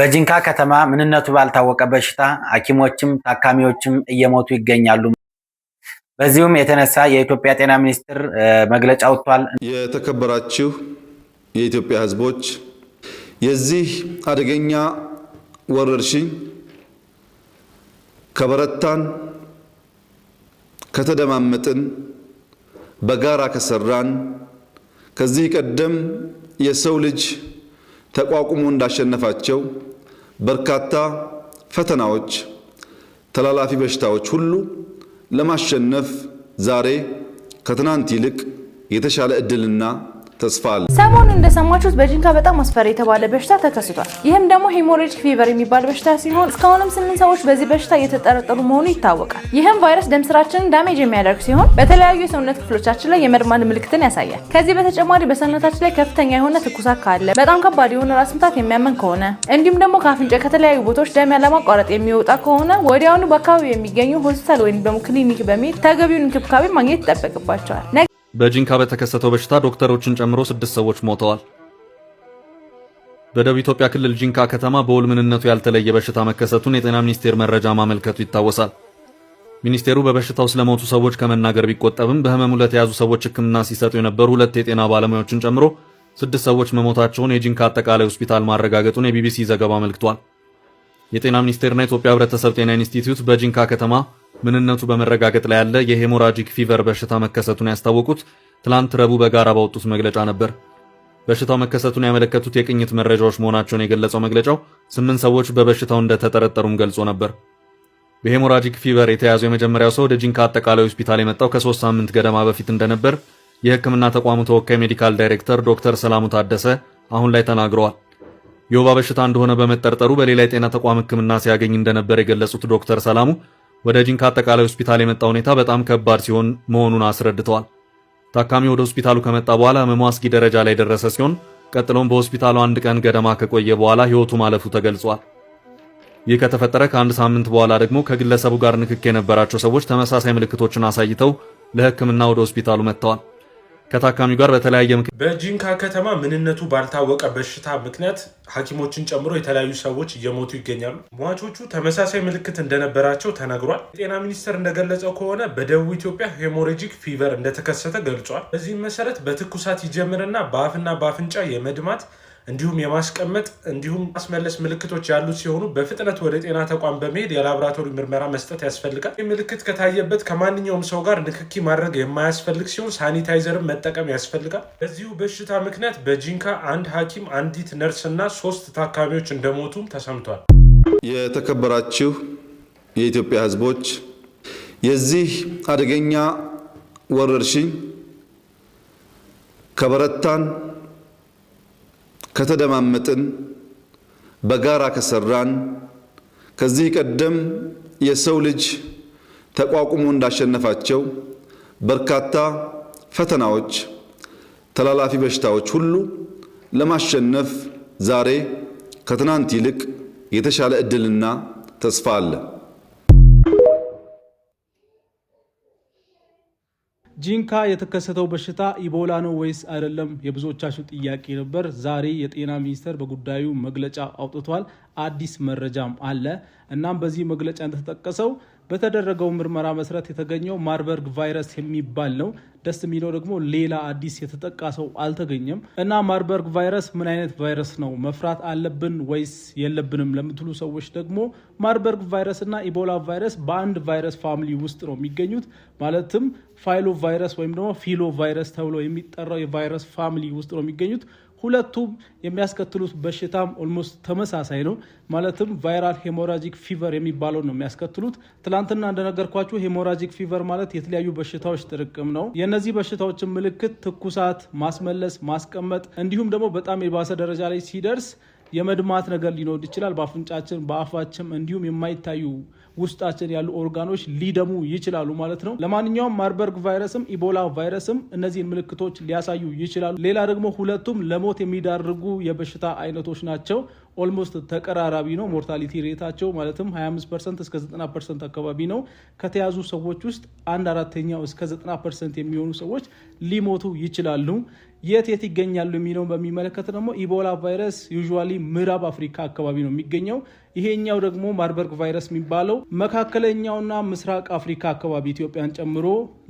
በጂንካ ከተማ ምንነቱ ባልታወቀ በሽታ ሐኪሞችም ታካሚዎችም እየሞቱ ይገኛሉ። በዚሁም የተነሳ የኢትዮጵያ ጤና ሚኒስቴር መግለጫ ወጥቷል። የተከበራችሁ የኢትዮጵያ ሕዝቦች የዚህ አደገኛ ወረርሽኝ ከበረታን፣ ከተደማመጥን፣ በጋራ ከሰራን ከዚህ ቀደም የሰው ልጅ ተቋቁሞ እንዳሸነፋቸው በርካታ ፈተናዎች፣ ተላላፊ በሽታዎች ሁሉ ለማሸነፍ ዛሬ ከትናንት ይልቅ የተሻለ እድልና ተስፋ አለ። ሰሞኑን እንደሰማችሁት በጂንካ በጣም አስፈሪ የተባለ በሽታ ተከስቷል። ይህም ደግሞ ሄሞሬጅክ ፊቨር የሚባል በሽታ ሲሆን እስካሁንም ስምንት ሰዎች በዚህ በሽታ እየተጠረጠሩ መሆኑ ይታወቃል። ይህም ቫይረስ ደም ስራችንን ዳሜጅ የሚያደርግ ሲሆን በተለያዩ የሰውነት ክፍሎቻችን ላይ የመድማን ምልክትን ያሳያል። ከዚህ በተጨማሪ በሰውነታችን ላይ ከፍተኛ የሆነ ትኩሳት ካለ፣ በጣም ከባድ የሆነ ራስ ምታት የሚያመን ከሆነ እንዲሁም ደግሞ ከአፍንጫ ከተለያዩ ቦታዎች ደም ያለማቋረጥ የሚወጣ ከሆነ ወዲያውኑ በአካባቢ የሚገኙ ሆስፒታል ወይም ደግሞ ክሊኒክ በመሄድ ተገቢውን እንክብካቤ ማግኘት ይጠበቅባቸዋል። በጂንካ በተከሰተው በሽታ ዶክተሮችን ጨምሮ ስድስት ሰዎች ሞተዋል። በደቡብ ኢትዮጵያ ክልል ጂንካ ከተማ በውል ምንነቱ ያልተለየ በሽታ መከሰቱን የጤና ሚኒስቴር መረጃ ማመልከቱ ይታወሳል። ሚኒስቴሩ በበሽታው ስለሞቱ ሰዎች ከመናገር ቢቆጠብም በህመሙ ለተያዙ ሰዎች ሕክምና ሲሰጡ የነበሩ ሁለት የጤና ባለሙያዎችን ጨምሮ ስድስት ሰዎች መሞታቸውን የጂንካ አጠቃላይ ሆስፒታል ማረጋገጡን የቢቢሲ ዘገባ አመልክቷል። የጤና ሚኒስቴርና የኢትዮጵያ ህብረተሰብ ጤና ኢንስቲትዩት በጂንካ ከተማ ምንነቱ በመረጋገጥ ላይ ያለ የሄሞራጂክ ፊቨር በሽታ መከሰቱን ያስታወቁት ትላንት ረቡዕ በጋራ ባወጡት መግለጫ ነበር። በሽታው መከሰቱን ያመለከቱት የቅኝት መረጃዎች መሆናቸውን የገለጸው መግለጫው ስምንት ሰዎች በበሽታው እንደተጠረጠሩም ገልጾ ነበር። በሄሞራጂክ ፊቨር የተያዘው የመጀመሪያው ሰው ወደ አጠቃላይ ሆስፒታል የመጣው ከሶስት ሳምንት ገደማ በፊት እንደነበር የሕክምና ተቋሙ ተወካይ ሜዲካል ዳይሬክተር ዶክተር ሰላሙ ታደሰ አሁን ላይ ተናግረዋል። የወባ በሽታ እንደሆነ በመጠርጠሩ በሌላ የጤና ተቋም ሕክምና ሲያገኝ እንደነበር የገለጹት ዶክተር ሰላሙ ወደ ጂንካ አጠቃላይ ሆስፒታል የመጣ ሁኔታ በጣም ከባድ ሲሆን መሆኑን አስረድተዋል። ታካሚ ወደ ሆስፒታሉ ከመጣ በኋላ ህመሙ አስጊ ደረጃ ላይ የደረሰ ሲሆን ቀጥሎም በሆስፒታሉ አንድ ቀን ገደማ ከቆየ በኋላ ህይወቱ ማለፉ ተገልጿል። ይህ ከተፈጠረ ከአንድ ሳምንት በኋላ ደግሞ ከግለሰቡ ጋር ንክክ የነበራቸው ሰዎች ተመሳሳይ ምልክቶችን አሳይተው ለህክምና ወደ ሆስፒታሉ መጥተዋል። ከታካሚ ጋር በተለያየ ምክንያት በጂንካ ከተማ ምንነቱ ባልታወቀ በሽታ ምክንያት ሐኪሞችን ጨምሮ የተለያዩ ሰዎች እየሞቱ ይገኛሉ። ሟቾቹ ተመሳሳይ ምልክት እንደነበራቸው ተነግሯል። የጤና ሚኒስቴር እንደገለጸው ከሆነ በደቡብ ኢትዮጵያ ሄሞሬጂክ ፊቨር እንደተከሰተ ገልጿል። በዚህም መሰረት በትኩሳት ይጀምርና በአፍና በአፍንጫ የመድማት እንዲሁም የማስቀመጥ እንዲሁም ማስመለስ ምልክቶች ያሉት ሲሆኑ በፍጥነት ወደ ጤና ተቋም በመሄድ የላቦራቶሪ ምርመራ መስጠት ያስፈልጋል። ይህ ምልክት ከታየበት ከማንኛውም ሰው ጋር ንክኪ ማድረግ የማያስፈልግ ሲሆን ሳኒታይዘርን መጠቀም ያስፈልጋል። በዚሁ በሽታ ምክንያት በጂንካ አንድ ሐኪም አንዲት ነርስ እና ሶስት ታካሚዎች እንደሞቱም ተሰምቷል። የተከበራችሁ የኢትዮጵያ ሕዝቦች የዚህ አደገኛ ወረርሽኝ ከበረታን ከተደማመጥን፣ በጋራ ከሰራን ከዚህ ቀደም የሰው ልጅ ተቋቁሞ እንዳሸነፋቸው በርካታ ፈተናዎች፣ ተላላፊ በሽታዎች ሁሉ ለማሸነፍ ዛሬ ከትናንት ይልቅ የተሻለ እድልና ተስፋ አለ። ጂንካ የተከሰተው በሽታ ኢቦላ ነው ወይስ አይደለም? የብዙዎቻችሁ ጥያቄ ነበር። ዛሬ የጤና ሚኒስቴር በጉዳዩ መግለጫ አውጥቷል። አዲስ መረጃም አለ። እናም በዚህ መግለጫ እንደተጠቀሰው በተደረገው ምርመራ መሰረት የተገኘው ማርበርግ ቫይረስ የሚባል ነው። ደስ የሚለው ደግሞ ሌላ አዲስ የተጠቃ ሰው አልተገኘም። እና ማርበርግ ቫይረስ ምን አይነት ቫይረስ ነው? መፍራት አለብን ወይስ የለብንም ለምትሉ ሰዎች ደግሞ ማርበርግ ቫይረስ እና ኢቦላ ቫይረስ በአንድ ቫይረስ ፋሚሊ ውስጥ ነው የሚገኙት። ማለትም ፋይሎ ቫይረስ ወይም ደግሞ ፊሎ ቫይረስ ተብሎ የሚጠራው የቫይረስ ፋሚሊ ውስጥ ነው የሚገኙት። ሁለቱም የሚያስከትሉት በሽታም ኦልሞስት ተመሳሳይ ነው። ማለትም ቫይራል ሄሞራጂክ ፊቨር የሚባለው ነው የሚያስከትሉት። ትላንትና እንደነገርኳችሁ ሄሞራጂክ ፊቨር ማለት የተለያዩ በሽታዎች ጥርቅም ነው። የእነዚህ በሽታዎችን ምልክት ትኩሳት፣ ማስመለስ፣ ማስቀመጥ እንዲሁም ደግሞ በጣም የባሰ ደረጃ ላይ ሲደርስ የመድማት ነገር ሊኖር ይችላል። በአፍንጫችን በአፋችን እንዲሁም የማይታዩ ውስጣችን ያሉ ኦርጋኖች ሊደሙ ይችላሉ ማለት ነው። ለማንኛውም ማርበርግ ቫይረስም ኢቦላ ቫይረስም እነዚህን ምልክቶች ሊያሳዩ ይችላሉ። ሌላ ደግሞ ሁለቱም ለሞት የሚዳርጉ የበሽታ አይነቶች ናቸው። ኦልሞስት ተቀራራቢ ነው። ሞርታሊቲ ሬታቸው ማለትም 25 ፐርሰንት እስከ 90 ፐርሰንት አካባቢ ነው። ከተያዙ ሰዎች ውስጥ አንድ አራተኛው እስከ 90 ፐርሰንት የሚሆኑ ሰዎች ሊሞቱ ይችላሉ። የት የት ይገኛሉ የሚለውን በሚመለከት ደግሞ ኢቦላ ቫይረስ ዩዥዋሊ ምዕራብ አፍሪካ አካባቢ ነው የሚገኘው። ይሄኛው ደግሞ ማርበርግ ቫይረስ የሚባለው መካከለኛውና ምስራቅ አፍሪካ አካባቢ ኢትዮጵያን ጨምሮ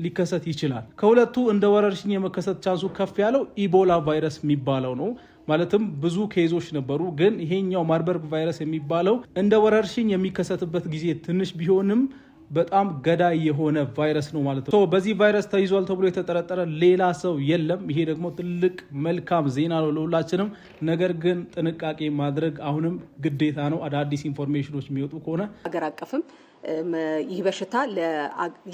ሊከሰት ይችላል። ከሁለቱ እንደ ወረርሽኝ የመከሰት ቻንሱ ከፍ ያለው ኢቦላ ቫይረስ የሚባለው ነው። ማለትም ብዙ ኬዞች ነበሩ። ግን ይሄኛው ማርበርግ ቫይረስ የሚባለው እንደ ወረርሽኝ የሚከሰትበት ጊዜ ትንሽ ቢሆንም በጣም ገዳይ የሆነ ቫይረስ ነው ማለት ነው። በዚህ ቫይረስ ተይዟል ተብሎ የተጠረጠረ ሌላ ሰው የለም። ይሄ ደግሞ ትልቅ መልካም ዜና ነው ለሁላችንም። ነገር ግን ጥንቃቄ ማድረግ አሁንም ግዴታ ነው። አዳዲስ ኢንፎርሜሽኖች የሚወጡ ከሆነ ሀገር አቀፍም ይህ በሽታ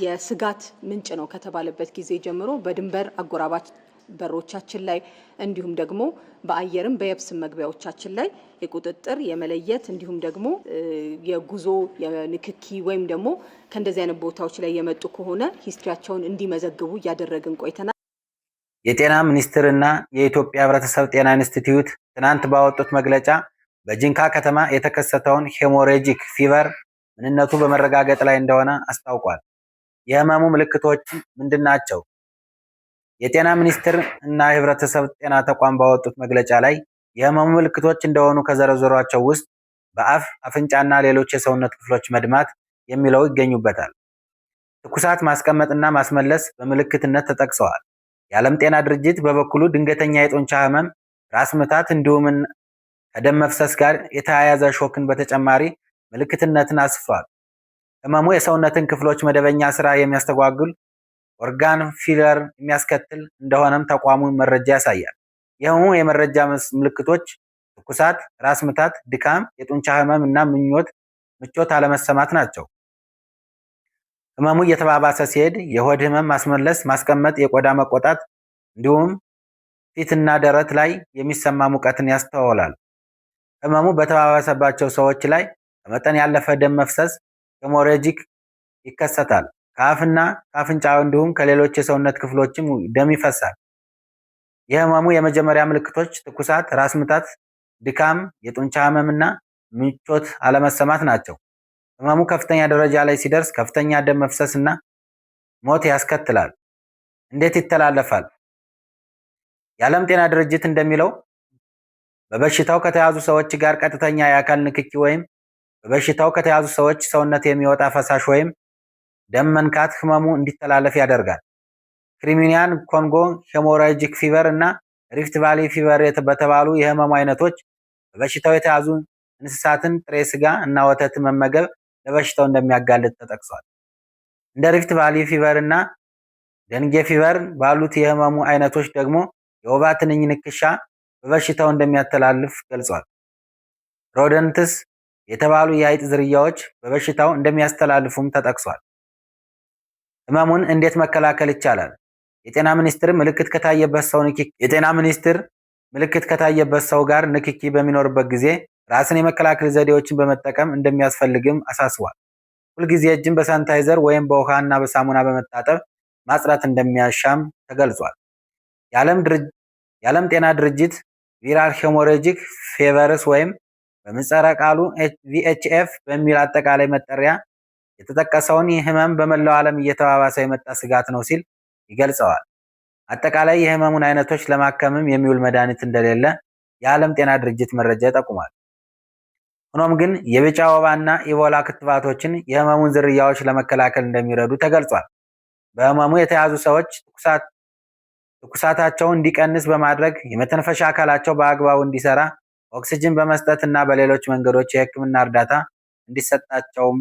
የስጋት ምንጭ ነው ከተባለበት ጊዜ ጀምሮ በድንበር አጎራባች በሮቻችን ላይ እንዲሁም ደግሞ በአየርም በየብስ መግቢያዎቻችን ላይ የቁጥጥር የመለየት እንዲሁም ደግሞ የጉዞ የንክኪ ወይም ደግሞ ከእንደዚህ አይነት ቦታዎች ላይ የመጡ ከሆነ ሂስትሪያቸውን እንዲመዘግቡ እያደረግን ቆይተናል። የጤና ሚኒስቴርና የኢትዮጵያ ሕብረተሰብ ጤና ኢንስቲትዩት ትናንት ባወጡት መግለጫ በጂንካ ከተማ የተከሰተውን ሄሞሬጂክ ፊቨር ምንነቱ በመረጋገጥ ላይ እንደሆነ አስታውቋል። የህመሙ ምልክቶች ምንድን ናቸው? የጤና ሚኒስቴር እና የህብረተሰብ ጤና ተቋም ባወጡት መግለጫ ላይ የህመሙ ምልክቶች እንደሆኑ ከዘረዘሯቸው ውስጥ በአፍ፣ አፍንጫና ሌሎች የሰውነት ክፍሎች መድማት የሚለው ይገኙበታል። ትኩሳት፣ ማስቀመጥና ማስመለስ በምልክትነት ተጠቅሰዋል። የዓለም ጤና ድርጅት በበኩሉ ድንገተኛ የጡንቻ ህመም፣ ራስ ምታት እንዲሁም ከደም መፍሰስ ጋር የተያያዘ ሾክን በተጨማሪ ምልክትነትን አስፍሯል። ህመሙ የሰውነትን ክፍሎች መደበኛ ስራ የሚያስተጓጉል ኦርጋን ፊለር የሚያስከትል እንደሆነም ተቋሙ መረጃ ያሳያል። የህመሙ የመረጃ ምልክቶች ትኩሳት፣ ራስ ምታት፣ ድካም፣ የጡንቻ ህመም እና ምኞት ምቾት አለመሰማት ናቸው። ህመሙ እየተባባሰ ሲሄድ የሆድ ህመም ማስመለስ፣ ማስቀመጥ፣ የቆዳ መቆጣት እንዲሁም ፊትና ደረት ላይ የሚሰማ ሙቀትን ያስተውላል። ህመሙ በተባባሰባቸው ሰዎች ላይ ከመጠን ያለፈ ደም መፍሰስ ሄሞሬጂክ ይከሰታል። ከአፍና ከአፍንጫ እንዲሁም ከሌሎች የሰውነት ክፍሎችም ደም ይፈሳል። የህመሙ የመጀመሪያ ምልክቶች ትኩሳት፣ ራስ ምታት፣ ድካም፣ የጡንቻ ህመምና ምቾት አለመሰማት ናቸው። ህመሙ ከፍተኛ ደረጃ ላይ ሲደርስ ከፍተኛ ደም መፍሰስ እና ሞት ያስከትላል። እንዴት ይተላለፋል? የዓለም ጤና ድርጅት እንደሚለው በበሽታው ከተያዙ ሰዎች ጋር ቀጥተኛ የአካል ንክኪ ወይም በበሽታው ከተያዙ ሰዎች ሰውነት የሚወጣ ፈሳሽ ወይም ደም መንካት ህመሙ እንዲተላለፍ ያደርጋል። ክሪሚኒያን ኮንጎ ሄሞራጂክ ፊቨር እና ሪፍት ቫሊ ፊቨር በተባሉ የህመሙ አይነቶች በበሽታው የተያዙ እንስሳትን ጥሬ ስጋ እና ወተት መመገብ ለበሽታው እንደሚያጋልጥ ተጠቅሷል። እንደ ሪፍት ቫሊ ፊቨር እና ደንጌ ፊቨር ባሉት የህመሙ አይነቶች ደግሞ የወባ ትንኝ ንክሻ በበሽታው እንደሚያተላልፍ ገልጿል። ሮደንትስ የተባሉ የአይጥ ዝርያዎች በበሽታው እንደሚያስተላልፉም ተጠቅሷል። ህመሙን እንዴት መከላከል ይቻላል? የጤና ሚኒስቴር ምልክት ከታየበት ሰው ንክኪ የጤና ሚኒስቴር ምልክት ከታየበት ሰው ጋር ንክኪ በሚኖርበት ጊዜ ራስን የመከላከል ዘዴዎችን በመጠቀም እንደሚያስፈልግም አሳስቧል። ሁልጊዜ እጅን በሳንታይዘር ወይም በውሃ እና በሳሙና በመታጠብ ማጽዳት እንደሚያሻም ተገልጿል። የዓለም ጤና ድርጅት ቪራል ሄሞሬጂክ ፌቨርስ ወይም በምህጻረ ቃሉ ቪኤችኤፍ በሚል አጠቃላይ መጠሪያ የተጠቀሰውን ህመም በመላው ዓለም እየተባባሰ የመጣ ስጋት ነው ሲል ይገልጸዋል። አጠቃላይ የህመሙን አይነቶች ለማከምም የሚውል መድኃኒት እንደሌለ የዓለም ጤና ድርጅት መረጃ ይጠቁማል። ሆኖም ግን የቢጫ ወባና ኢቦላ ክትባቶችን የህመሙን ዝርያዎች ለመከላከል እንደሚረዱ ተገልጿል። በህመሙ የተያዙ ሰዎች ትኩሳታቸውን እንዲቀንስ በማድረግ የመተንፈሻ አካላቸው በአግባቡ እንዲሰራ ኦክሲጅን በመስጠት እና በሌሎች መንገዶች የህክምና እርዳታ እንዲሰጣቸውም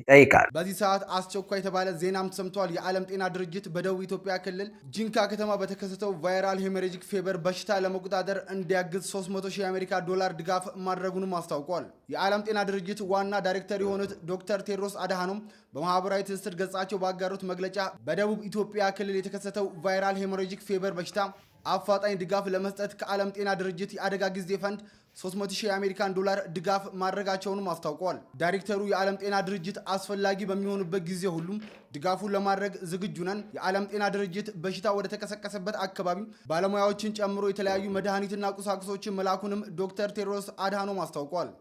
ይጠይቃል። በዚህ ሰዓት አስቸኳይ የተባለ ዜናም ተሰምተዋል። የዓለም ጤና ድርጅት በደቡብ ኢትዮጵያ ክልል ጂንካ ከተማ በተከሰተው ቫይራል ሄሜሬጂክ ፌበር በሽታ ለመቆጣጠር እንዲያግዝ 300 ሺህ የአሜሪካ ዶላር ድጋፍ ማድረጉንም አስታውቋል። የዓለም ጤና ድርጅት ዋና ዳይሬክተር የሆኑት ዶክተር ቴድሮስ አድሃኖም በማህበራዊ ትስስር ገጻቸው ባጋሩት መግለጫ በደቡብ ኢትዮጵያ ክልል የተከሰተው ቫይራል ሄሜሬጂክ ፌበር በሽታ አፋጣኝ ድጋፍ ለመስጠት ከዓለም ጤና ድርጅት የአደጋ ጊዜ ፈንድ 300 የአሜሪካን ዶላር ድጋፍ ማድረጋቸውንም አስታውቀዋል። ዳይሬክተሩ የዓለም ጤና ድርጅት አስፈላጊ በሚሆንበት ጊዜ ሁሉም ድጋፉን ለማድረግ ዝግጁ ነን። የዓለም ጤና ድርጅት በሽታ ወደ ተቀሰቀሰበት አካባቢ ባለሙያዎችን ጨምሮ የተለያዩ መድኃኒትና ቁሳቁሶችን መላኩንም ዶክተር ቴድሮስ አድሃኖም አስታውቀዋል።